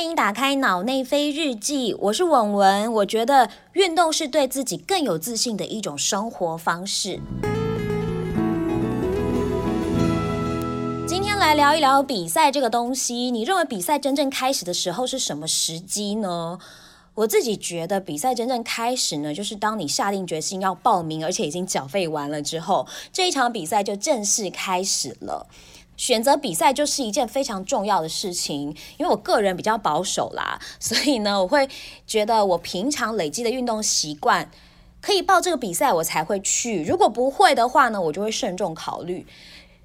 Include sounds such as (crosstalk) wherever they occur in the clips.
歡迎打開腦內啡日記，我是文文。我覺得運動是對自己更有自信的一種生活方式。今天來聊一聊比賽這個東西，你認為比賽真正開始的時候是什麼時機呢？我自己覺得比賽真正開始呢，就是當你下定決心要報名，而且已經繳費完了之後，這一場比賽就正式開始了。選擇比賽就是一件非常重要的事情，因為我個人比較保守啦。所以呢，我會覺得我平常累積的運動習慣可以報這個比賽，我才會去。如果不會的話呢，我就會慎重考慮。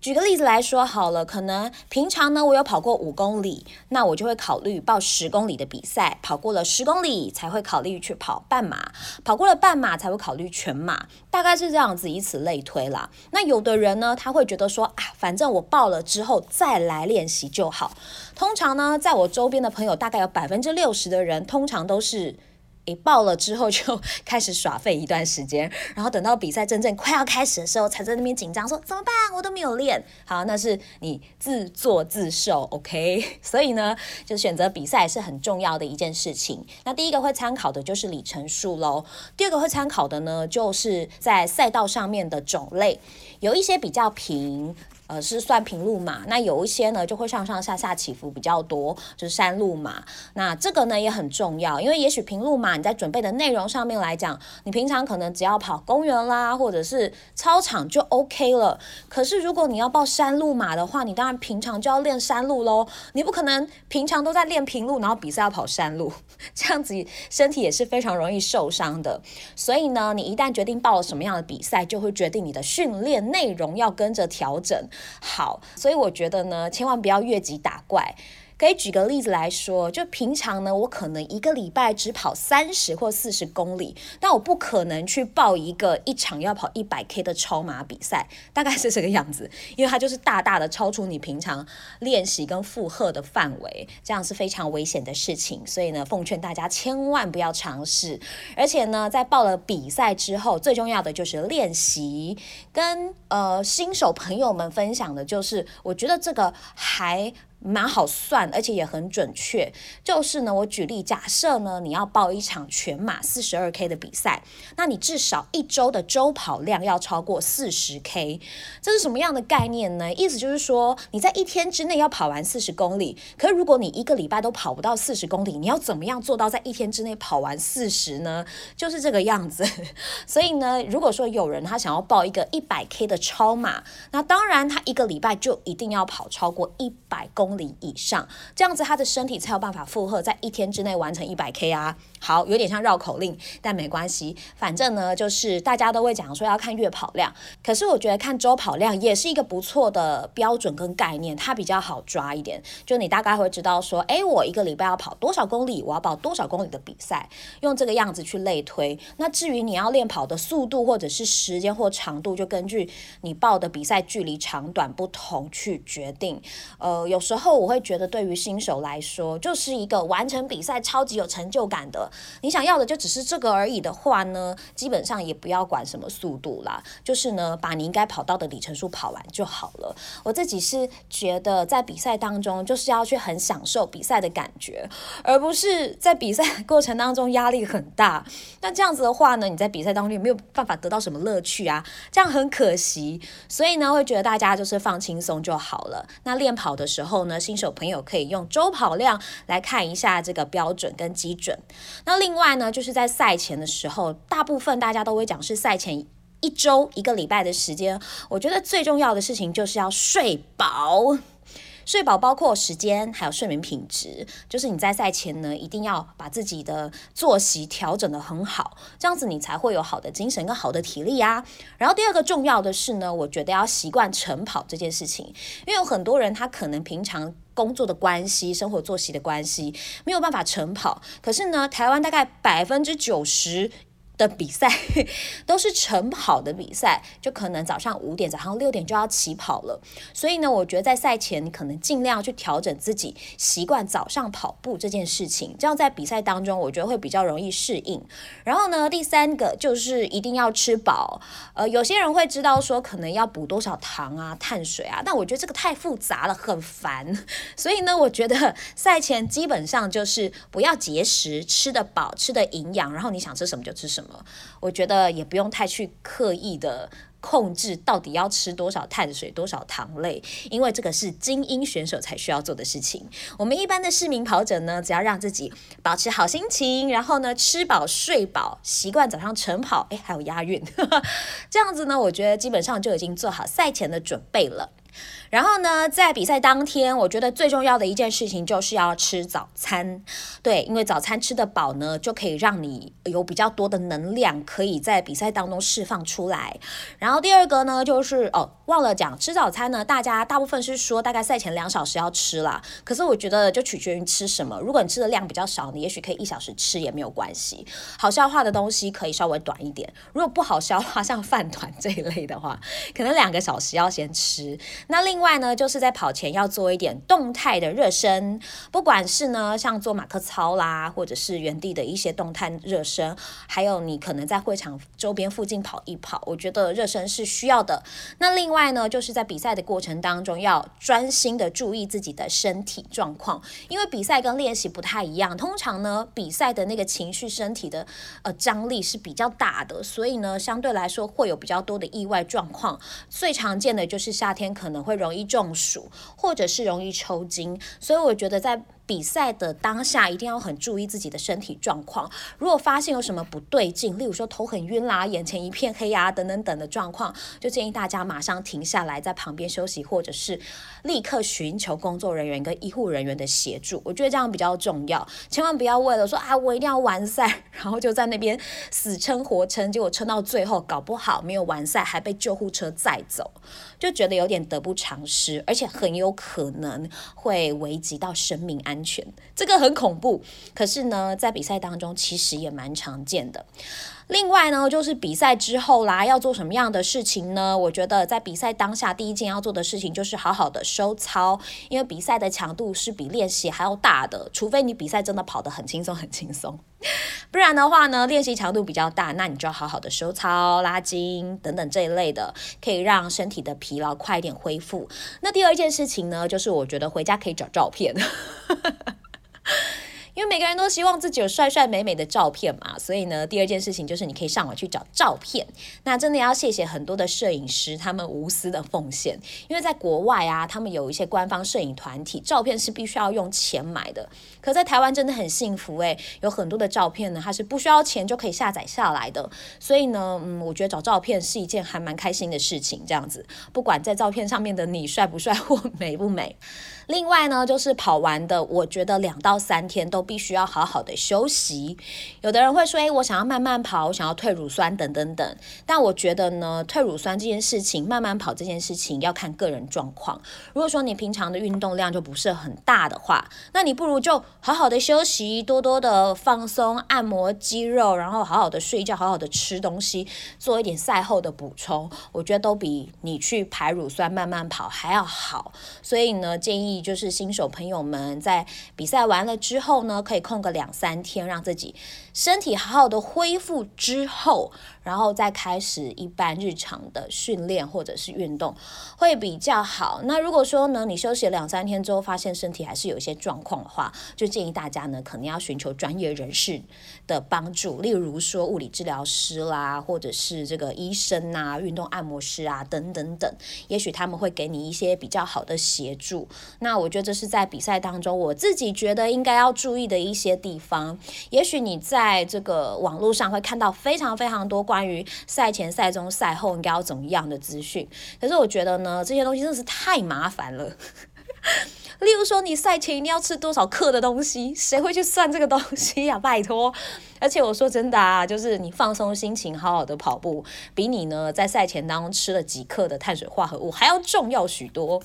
舉個例子來說好了，可能平常呢我有跑過五公里，那我就會考慮報十公里的比賽，跑過了十公里才會考慮去跑半馬，跑過了半馬才會考慮全馬，大概是這樣子，以此類推啦。那有的人呢，他會覺得說啊，反正我報了之後再來練習就好。通常呢，在我周邊的朋友，大概有百分之六十的人，通常都是。欸、爆了之後就開始耍廢一段時間，然後等到比賽真正快要開始的時候，才在那邊緊張說怎麼辦？我都沒有練好，那是你自作自受。OK，所以呢，就選擇比賽是很重要的一件事情。那第一個會參考的就是里程數嘍，第二個會參考的呢，就是在賽道上面的種類，有一些比較平。呃，是算平路馬？那有一些呢，就會上上下下起伏比較多，就是山路馬。那這個呢也很重要，因為也許平路馬，你在準備的內容上面來講，你平常可能只要跑公園啦，或者是操場就 OK 了。可是如果你要報山路馬的話，你當然平常就要練山路嘍。你不可能平常都在練平路，然後比賽要跑山路，這樣子身體也是非常容易受傷的。所以呢，你一旦決定報了什麼樣的比賽，就會決定你的訓練內容要跟着調整。好，所以我覺得呢，千萬不要越級打怪。可以舉個例子來說，就平常呢，我可能一個禮拜只跑三十或四十公里，但我不可能去報一個一場要跑一百 K 的超馬比賽，大概是這個樣子，因為它就是大大的超出你平常練習跟負荷的範圍，這樣是非常危險的事情。所以呢，奉勸大家千萬不要嘗試。而且呢，在報了比賽之後，最重要的就是練習。跟呃新手朋友們分享的就是，我覺得這個還。蠻好算，而且也很準確。就是呢，我舉例假設呢，你要報一場全馬四十二 K 的比賽，那你至少一周的周跑量要超過四十 K。這是什麼樣的概念呢？意思就是說，你在一天之內要跑完四十公里。可是如果你一個禮拜都跑不到四十公里，你要怎麼樣做到在一天之內跑完四十呢？就是這個樣子。所以呢，如果說有人他想要報一個一百 K 的超馬，那當然他一個禮拜就一定要跑超過一百公里。公里以上，這樣子他的身體才有辦法負荷，在一天之內完成一百 K。啊，好，有點像繞口令，但沒關係，反正呢，就是大家都會講說要看月跑量，可是我覺得看周跑量也是一個不錯的標準跟概念，它比較好抓一點。就你大概會知道說，哎、欸，我一個禮拜要跑多少公里，我要跑多少公里的比賽，用這個樣子去類推。那至於你要練跑的速度或者是時間或長度，就根據你報的比賽距離長短不同去決定。呃，有時候。然後我會覺得，對於新手來說，就是一個完成比賽超級有成就感的。你想要的就只是這個而已的話呢，基本上也不要管什麼速度啦，就是呢，把你應該跑到的里程數跑完就好了。我自己是覺得，在比賽當中，就是要去很享受比賽的感覺，而不是在比賽過程當中壓力很大。那這樣子的話呢，你在比賽當中也沒有辦法得到什麼樂趣啊，這樣很可惜。所以呢，會覺得大家就是放輕鬆就好了。那練跑的時候呢。那新手朋友可以用週跑量來看一下這個標準跟基準。那另外呢，就是在賽前的時候，大部分大家都會講是賽前一週，一個禮拜的時間。我覺得最重要的事情就是要睡飽。睡飽包括時間，還有睡眠品質，就是你在賽前呢，一定要把自己的作息調整得很好，這樣子你才會有好的精神跟好的體力啊。然後第二個重要的是呢，我覺得要習慣晨跑這件事情，因為有很多人他可能平常工作的關係、生活作息的關係，沒有辦法晨跑。可是呢，台灣大概百分之九十的比賽都是晨跑的比賽，就可能早上五點、早上六點就要起跑了。所以呢，我覺得在賽前可能儘量去調整自己習慣早上跑步這件事情，這樣在比賽當中我覺得會比較容易適應。然後呢，第三個就是一定要吃飽。呃，有些人會知道說可能要補多少糖啊、碳水啊，但我覺得這個太複雜了，很煩。所以呢，我覺得賽前基本上就是不要節食，吃得飽，吃得營養，然後你想吃什麼就吃什麼。我覺得也不用太去刻意的控制到底要吃多少碳水、多少糖類，因為這個是精英選手才需要做的事情。我們一般的市民跑者呢，只要讓自己保持好心情，然後呢，吃飽睡飽，習慣早上晨跑，哎，還有押韻， (laughs) 這樣子呢，我覺得基本上就已經做好賽前的準備了。然後呢，在比賽當天，我覺得最重要的一件事情就是要吃早餐。對，因為早餐吃得飽呢，就可以讓你有比較多的能量可以在比賽當中釋放出來。然後第二個呢，就是哦，忘了講，吃早餐呢，大家大部分是說大概賽前兩小時要吃啦。可是我覺得就取決於吃什麼。如果你吃的量比較少，你也許可以一小時吃也沒有關係。好消化的東西可以稍微短一點。如果不好消化，像飯糰這一類的話，可能兩個小時要先吃。那另外呢，就是在跑前要做一點動態的熱身，不管是呢像做馬克操啦，或者是原地的一些動態熱身，還有你可能在會場周邊附近跑一跑，我覺得熱身是需要的。那另外呢，就是在比賽的過程當中要專心的注意自己的身體狀況，因為比賽跟練習不太一樣，通常呢比賽的那個情緒、身體的呃張力是比較大的，所以呢相對來說會有比較多的意外狀況，最常見的就是夏天可能。可能會容易中暑，或者是容易抽筋，所以我覺得在比賽的當下一定要很注意自己的身體狀況，如果發現有什麼不對勁，例如說頭很暈啦、眼前一片黑呀、啊、等，等等等的狀況，就建議大家馬上停下來，在旁邊休息，或者是立刻尋求工作人員跟醫護人員的協助。我覺得這樣比較重要，千萬不要為了說啊我一定要完賽，然後就在那邊死撐活撐，結果撐到最後搞不好沒有完賽，還被救護車載走，就覺得有點得不償失，而且很有可能會危及到生命安全。安全，這個很恐怖，可是呢，在比賽當中，其實也蠻常見的。另外呢，就是比賽之後啦，要做什麼樣的事情呢？我覺得在比賽當下，第一件要做的事情就是好好的收操，因為比賽的強度是比練習還要大的，除非你比賽真的跑得很輕鬆很輕鬆， (laughs) 不然的話呢，練習強度比較大，那你就要好好的收操、拉筋等等這一類的，可以讓身體的疲勞快一點恢復。那第二件事情呢，就是我覺得回家可以找照片。 (laughs) 因為每個人都希望自己有帥帥美美的照片嘛，所以呢，第二件事情就是你可以上網去找照片。那真的要謝謝很多的攝影師，他們無私的奉獻。因為在國外啊，他們有一些官方攝影團體，照片是必須要用錢買的。可在台灣真的很幸福欸，有很多的照片呢，它是不需要錢就可以下載下來的。所以呢，嗯，我覺得找照片是一件還蠻開心的事情。這樣子，不管在照片上面的你帥不帥我美不美。另外呢，就是跑完的，我覺得兩到三天都必須要好好的休息。有的人會說，哎，我想要慢慢跑，我想要退乳酸等等等。但我覺得呢，退乳酸這件事情，慢慢跑這件事情，要看個人狀況。如果說你平常的運動量就不是很大的話，那你不如就好好的休息，多多的放鬆、按摩肌肉，然後好好的睡覺，好好的吃東西，做一點賽後的補充，我覺得都比你去排乳酸、慢慢跑還要好。所以呢，建議。就是新手朋友們在比賽完了之後呢，可以空個兩三天，讓自己身體好好的恢復之後，然後再開始一般日常的訓練或者是運動會比較好。那如果說呢，你休息了兩三天之後，發現身體還是有一些狀況的話，就建議大家呢，可能要尋求專業人士的幫助，例如說物理治療師啦，或者是這個醫生啊、運動按摩師啊等等等，也許他們會給你一些比較好的協助。那我覺得這是在比賽當中，我自己覺得應該要注意的一些地方。也許你在這個網絡上會看到非常非常多關於賽前、賽中、賽後應該要怎麼樣的資訊，可是我覺得呢，這些東西真的是太麻煩了。 (laughs) 例如說，你賽前一定要吃多少克的東西？誰會去算這個東西呀、啊？拜託！而且我說真的啊，就是你放鬆心情，好好的跑步，比你呢在賽前當中吃了幾克的碳水化合物還要重要許多。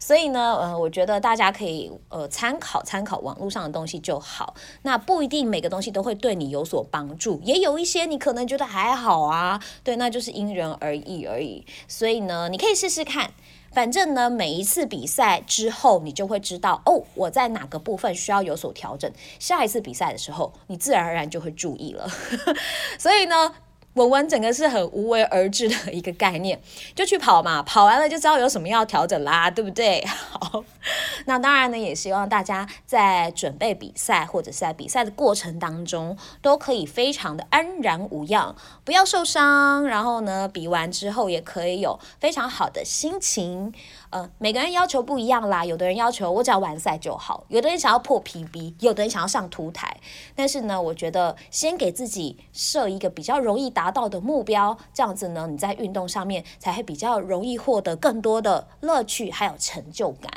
所以呢，呃，我覺得大家可以呃參考參考網絡上的東西就好。那不一定每個東西都會對你有所幫助，也有一些你可能覺得還好啊，對，那就是因人而異而已。所以呢，你可以試試看。反正呢，每一次比賽之後，你就會知道哦，我在哪個部分需要有所調整。下一次比賽的時候，你自然而然就會注意了。 (laughs) 所以呢。文文整個是很無為而治的一個概念，就去跑嘛，跑完了就知道有什麼要調整啦，對不對？好， (laughs) 那當然呢，也希望大家在準備比賽或者是在比賽的過程當中，都可以非常的安然無恙，不要受傷，然後呢，比完之後也可以有非常好的心情。嗯，每個人要求不一樣啦。有的人要求我只要完賽就好，有的人想要破 PB，有的人想要上凸台。但是呢，我覺得先給自己設一個比較容易達到的目標，這樣子呢，你在運動上面才會比較容易獲得更多的樂趣還有成就感。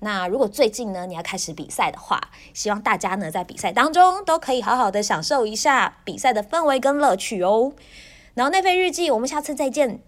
那如果最近呢，你要開始比賽的話，希望大家呢，在比賽當中都可以好好的享受一下比賽的氛圍跟樂趣哦。然後腦內啡日記，我們下次再見。